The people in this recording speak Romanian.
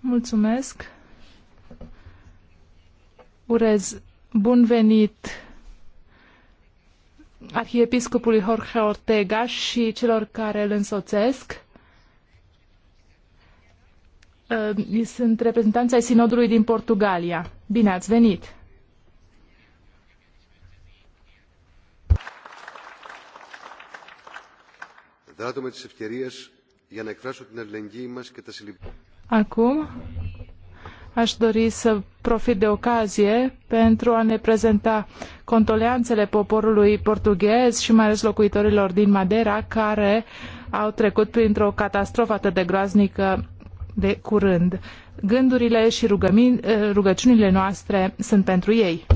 Mulțumesc. Urez bun venit arhiepiscopului Jorge Ortega și celor care îl însoțesc. Uh, sunt reprezentanța ai Sinodului din Portugalia. Bine ați venit! Δράτω με Acum aș dori să profit de ocazie pentru a ne prezenta condoleanțele poporului portughez și mai ales locuitorilor din Madeira care au trecut printr-o catastrofă atât de groaznică de curând. Gândurile și rugăciunile noastre sunt pentru ei.